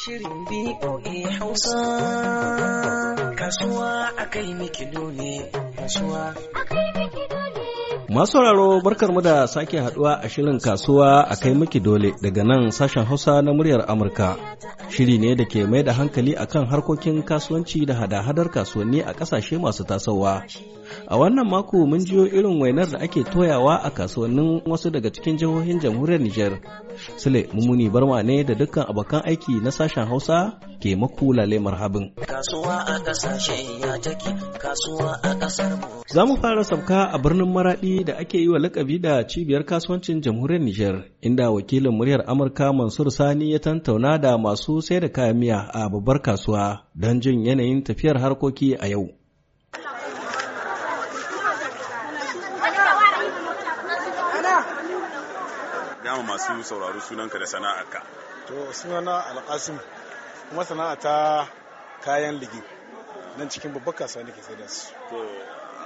Shirin BOA Hausa. Kasuwa a kai mikido ne. Kasuwa Masu sauraro barkar mu da sake haduwa a shirin kasuwa a kai miki dole daga nan sashen Hausa na muryar Amurka. Shiri ne da ke mai da hankali akan harkokin kasuwanci da hada-hadar kasuwanni a kasashe masu tasowa. A wannan mako mun jiyo irin wainar da ake toyawa a kasuwannin wasu daga cikin jihohin jamhuriyar Nijar. Sule mummuni Barma ne da dukkan abokan aiki na sashen Hausa ke maku lale marhabin. Kasuwa a kasashe ya take, kasuwa a kasar Za mu fara sabka a birnin Maradi da ake yi wa lakabi da cibiyar kasuwancin jamhuriyar Nijar, inda wakilin muryar Amurka Mansur Sani ya tantauna da masu sai da kayan miya a babbar kasuwa don jin yanayin tafiyar harkoki a yau. dama masu sauraro sunanka da sana'arka to sunana alƙasim kuma sana'a ta kayan ligi nan cikin babbar kasuwa ke sai da su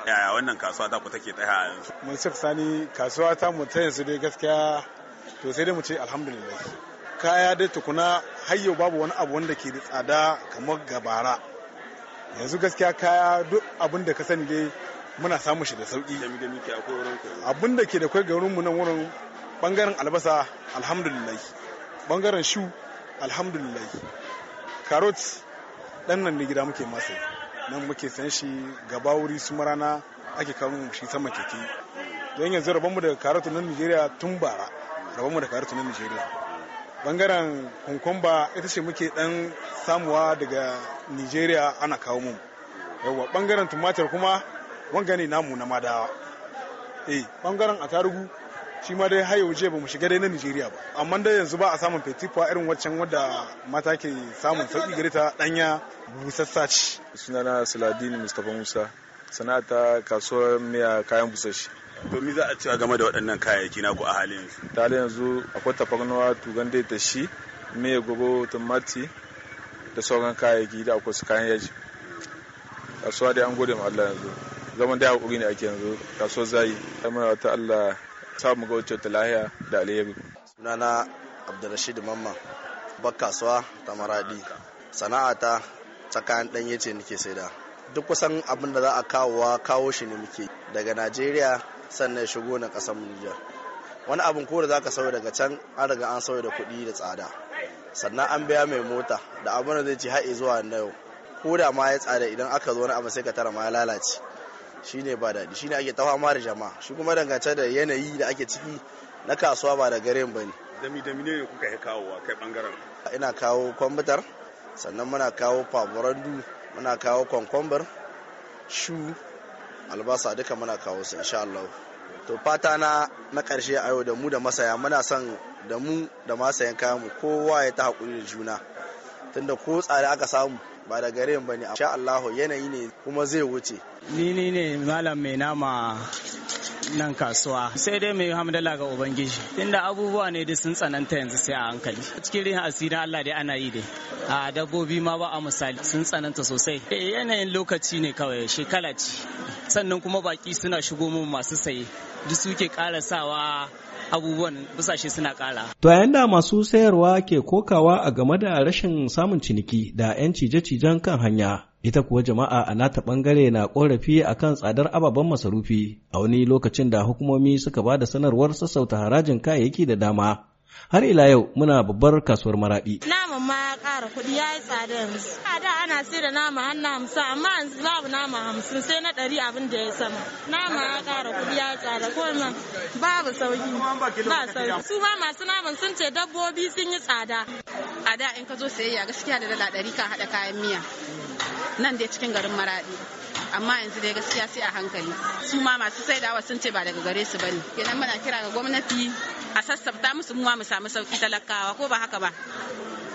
yaya wannan kasuwa ta ku take tsaya yanzu mun sif sani kasuwa ta mu ta yanzu dai gaskiya to sai dai mu ce alhamdulillah kaya dai tukuna hayyo babu wani abu wanda ke da tsada kamar gabara yanzu gaskiya kaya duk abin da ka sani dai muna samun shi da sauki abin da ke da kwai garin mu nan wurin bangaren albasa alhamdulillah bangaren shu alhamdulillah carrot dan nan ne gida muke masa nan muke san shi gaba wuri su marana ake kawo shi sama keke don yanzu mu daga carrot nan nigeria tun bara rabon mu da carrot nan nigeria bangaren kunkumba ita ce muke dan samuwa daga nigeria ana kawo mu yawa bangaren tumatir kuma wanga ne namu na madawa eh bangaren atarugu shi ma dai har yauje ba mu shiga dai na Nijeriya ba amma dai yanzu ba a samun fetifa irin waccan wadda mata ke samun sauki gare ta danya busassa ce na Saladin Mustapha Musa sana'ata kasuwar miya kayan busashi to mi za a cewa game da waɗannan kayayyaki naku a halin yanzu ta halin yanzu akwai tafarnuwa tugan dai da shi miya gogo tumati da sauran kayayyaki da akwai su kayan yaji kasuwa dai an gode ma Allah yanzu zaman dai hakuri ne ake yanzu kasuwar zai amma wata Allah samu ga wacce lahiya da alheri sunana abdulrashid mamman babbar ta maradi ta tsakanin ɗanye ce nake saida duk kusan abin da za a kawowa kawo shi ne muke daga najeriya sannan shigo na kasan nijar wani abin ko za ka sauya daga can an riga an sauya da kuɗi da tsada sannan an biya mai mota da abin da zai ci haɗe zuwa na yau ko da ma ya tsada idan aka zo wani abu sai ka tara ma ya lalace Shi ne ba daɗi shi ne ake ta fama da jama'a shi kuma dangance da yanayi da ake ciki na kasuwa ba da gare ba ne dami dami ne kuka yi kawowa kai bangaren ina kawo kwambutar sannan muna kawo faburandu muna kawo kwankwambar shu albasa duka muna kawo su insha Allah to fata na na karshe a yau da mu da masaya muna son da mu da masayan kayan mu kowa ya ta hakuri da juna tunda ko tsari aka samu ba da gare ba ne sha Allahu yanayi ne kuma zai wuce ni ni ne malam mai nama nan kasuwa sai dai mai hamdala ga ubangiji inda abubuwa ne da sun tsananta yanzu sai a hankali cikin rihin asirin Allah dai ana yi dai a dabbobi ma ba a misali sun tsananta sosai eh, yanayin lokaci ne kawai shekala ce sannan kuma baki suna shigo mu masu saye duk suke ƙara sawa abubuwan busashe suna ƙara. To a yanda masu sayarwa ke kokawa a game da rashin samun ciniki da 'yan cije-cijen kan hanya. Ita kuwa jama'a a nata bangare na korafi kan tsadar ababen masarufi a wani lokacin da hukumomi suka ba da sanarwar sassauta harajin kayayyaki da dama har ila yau muna babbar kasuwar Maraɗi. naman ma ya ƙara kuɗi ya yi tsada yanzu a da ana sai da nama hannu hamsin amma yanzu babu nama hamsin sai na ɗari abin da ya sama nama ya ƙara kuɗi ya yi tsada ko ma babu sauki ba sauki su ma masu naman sun ce dabbobi sun yi tsada a da in ka zo sayayya gaskiya da dala ɗari kan haɗa kayan miya nan dai cikin garin Maraɗi, amma yanzu dai gaskiya sai a hankali su ma masu saidawa sun ce ba daga gare su bane kenan muna kira ga gwamnati a sassafta musu muwa mu samu sauki talakawa ko ba haka ba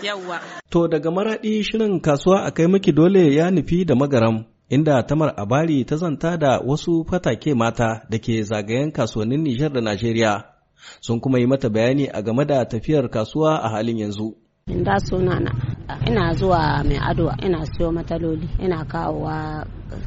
yawwa to daga maradi shirin kasuwa a kai miki dole ya nufi da magaram inda tamar abari ta zanta da wasu fatake mata da ke zagayen kasuwannin nijar da najeriya sun kuma yi mata bayani a game da tafiyar kasuwa a halin yanzu. sunana. ina zuwa mai ado ina siyo mataloli ina kawowa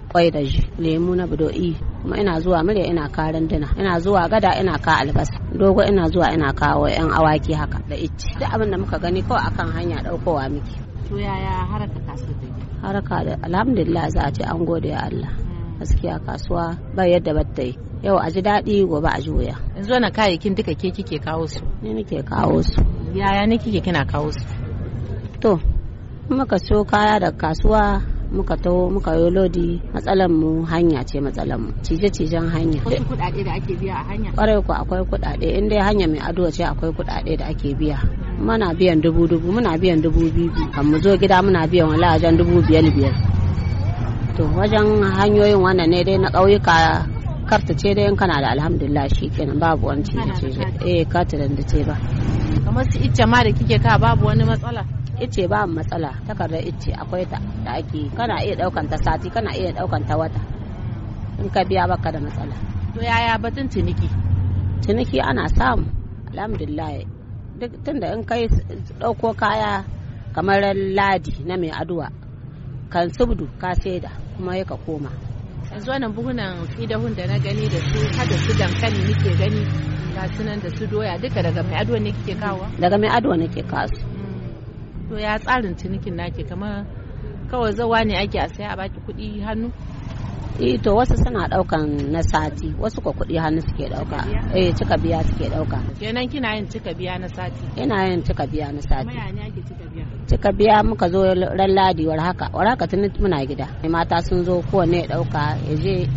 kwai da ji. lemu na budo'i kuma ina zuwa murya ina ka runduna ina zuwa gada ina ka albasa dogo ina zuwa ina kawo yan awaki haka da icci duk abin da muka gani kawai akan hanya daukowa muke. to yaya haraka kasuwa haraka da alhamdulillah za a ce an gode ya Allah hmm. gaskiya kasuwa ba yadda ba ta yi yau a ji daɗi gobe a ji wuya yanzu wannan kayayyakin duka ke kike kawo su ni nake kawo su yaya ne kike kina kawo su to muka so kaya da kasuwa muka to muka yi lodi matsalan mu hanya ce matsalan mu cije cijen hanya Akwai kudade da ake biya a hanya kwarai ku akwai kudade in dai hanya mai ado ce akwai kudade da ake biya muna biyan dubu dubu muna biyan dubu biyu kan mu zo gida muna biyan wala wajen dubu biyar biyar to wajen hanyoyin wannan ne dai na ƙauyuka karta ce dai in kana da alhamdulillah kenan babu wani cije cije eh karta da ce ba kamar su icce ma da kike ka babu wani matsala ice ba matsala takardar ice akwai ta da ake kana iya daukan ta sati kana iya daukan ta wata in ka biya baka da matsala to yaya batun ciniki ciniki ana samu alhamdulillah duk tunda in kai dauko kaya kamar ladi na mai aduwa kan subdu ka saida kuma ya ka koma yanzu wannan buhunan idahun da na gani da su hada su dankali nake gani ga sunan da su doya duka daga mai aduwa ne kike kawo daga mai aduwa nake kawo to ya tsarin cinikin nake kamar kawai zawa ne ake a sai a baki kuɗi hannu eh to wasu suna daukan na sati wasu ko kuɗi hannu suke dauka eh cika biya suke dauka kenan kina yin cika biya na sati ina yin cika biya na sati cika biya muka zo ran ladi war haka war haka tun muna gida mata sun zo kowanne ya dauka ya je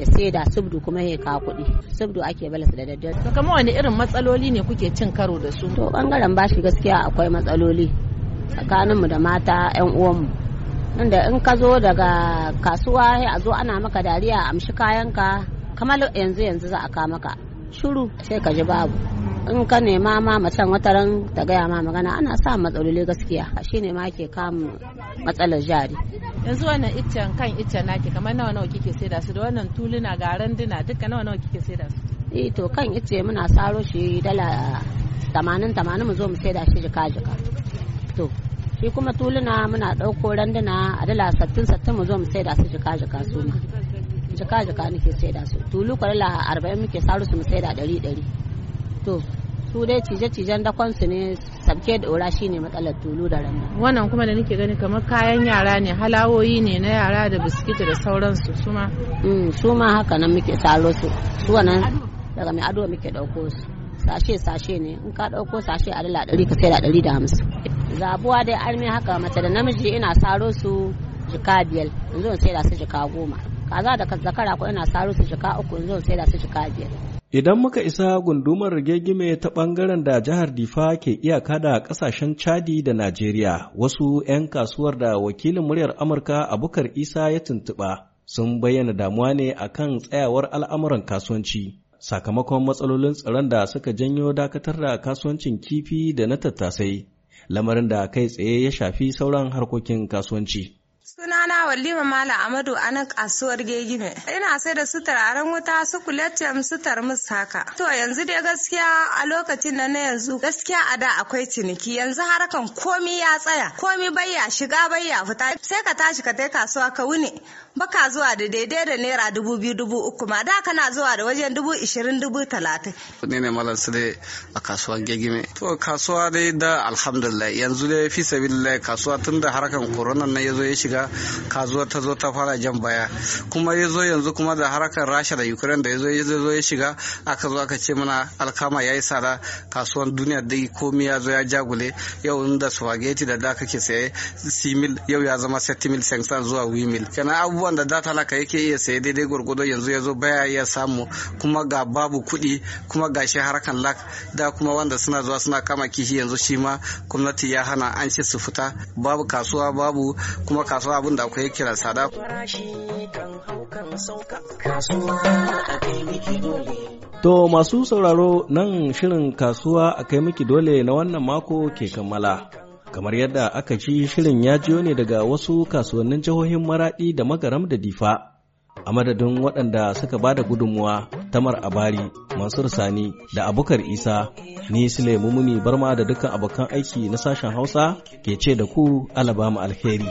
ya saida subdu kuma ya kawo kuɗi subdu ake balas da daddare to kamar wani irin matsaloli ne kuke cin karo da su to bangaren bashi gaskiya akwai matsaloli tsakaninmu da mata 'yan uwanmu inda in ka zo daga kasuwa a zo ana maka dariya a amshi kayanka kamar yanzu yanzu za a maka shuru sai ka ji babu in ka nema ma macen wataran ta gaya ma magana ana sa matsaloli gaskiya shine ma ke kamun matsalar jari yanzu wannan iccen kan iccen naki kamar nawa nawa kike saida su da wannan tuluna ga randuna duka nawa nawa kike saida su eh to kan icce muna saro shi dala tamanin tamanin mu zo mu saida shi jika jika shi kuma tuluna muna ɗauko randuna a dala sattin sattin mu zo mu sai da su jika jika su ma jika jika nake da su tulu kwarila arba'in muke saru su mu sai da ɗari ɗari to su dai cije-cijen dakon su ne sabke da ora shine matsalar tulu da randa wannan kuma da nake gani kamar kayan yara ne halawoyi ne na yara da biskiti da sauransu su ma mm, su ma haka nan muke saro su su wannan daga mai ado muke dauko su sashe sashe ne in ka dauko sashe a dala ɗari ka sai da ɗari da hamsin zabuwa dai armi haka mace da namiji ina saro su jika biyar yanzu sai da su jika goma kaza da zakara ko ina saro su jika uku yanzu sai da su jika biyar Idan muka isa gundumar rigegime ta ɓangaren da jihar Difa ke iyaka da ƙasashen Chadi da Najeriya, wasu 'yan kasuwar da wakilin muryar Amurka Abukar Isa ya tuntuɓa sun bayyana damuwa ne akan tsayawar al'amuran kasuwanci. Sakamakon matsalolin tsaron da suka janyo dakatar da kasuwancin kifi da na tattasai. lamarin da kai tsaye ya shafi sauran harkokin kasuwanci. Sunana Walima Mala Amadu a nan kasuwar Gegime. Ina sai da su turaren wuta su kuletem sutar tarmus haka. To yanzu dai gaskiya a lokacin da na yanzu gaskiya a da akwai ciniki yanzu harakan komi ya tsaya komi bayya shiga bayya fita sai ka tashi ka tai kasuwa ka wuni baka zuwa da daidai da naira dubu biyu dubu uku ma da kana zuwa da wajen dubu ishirin dubu talatin. Ni ne Malam Sule a kasuwar Gegime. To kasuwa dai da alhamdulillah yanzu dai fi sabilillah kasuwa tun da harakan koronan na ya zo ya shiga Ka zo ta zo ta fara jan baya kuma ya zo yanzu kuma da harkar rasha da ukraine da ya zo ya zo ya shiga aka zo aka ce mana alkama ya yi tsada kasuwan duniya da komi ya zo ya jagule yau inda spaghetti da da kake saye simil yau ya zama setimil sengsan zuwa wimil kenan abubuwan da da talaka yake iya saye daidai gwargwado yanzu ya zo baya iya samu kuma ga babu kuɗi kuma ga shi harakan lak da kuma wanda suna zuwa suna kama kishi yanzu shi ma gwamnati ya hana an ce su fita babu kasuwa babu kuma kasuwa kasuwa abin da akwai kira sada To masu sauraro nan shirin kasuwa a kai miki dole na wannan mako ke kammala. Kamar yadda aka ci shirin ya jiyo ne daga wasu kasuwannin jihohin maraɗi da magaram da difa. a madadin waɗanda suka ba da gudunmuwa tamar abari mansur sani da abukar isa ni sule mumuni barma da dukkan abokan aiki na sashen hausa ke ce da ku alabama alheri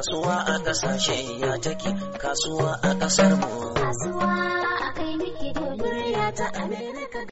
kasuwa a kasashe ya take kasuwa a kasar mu kasuwa a kai miki dole ta amerika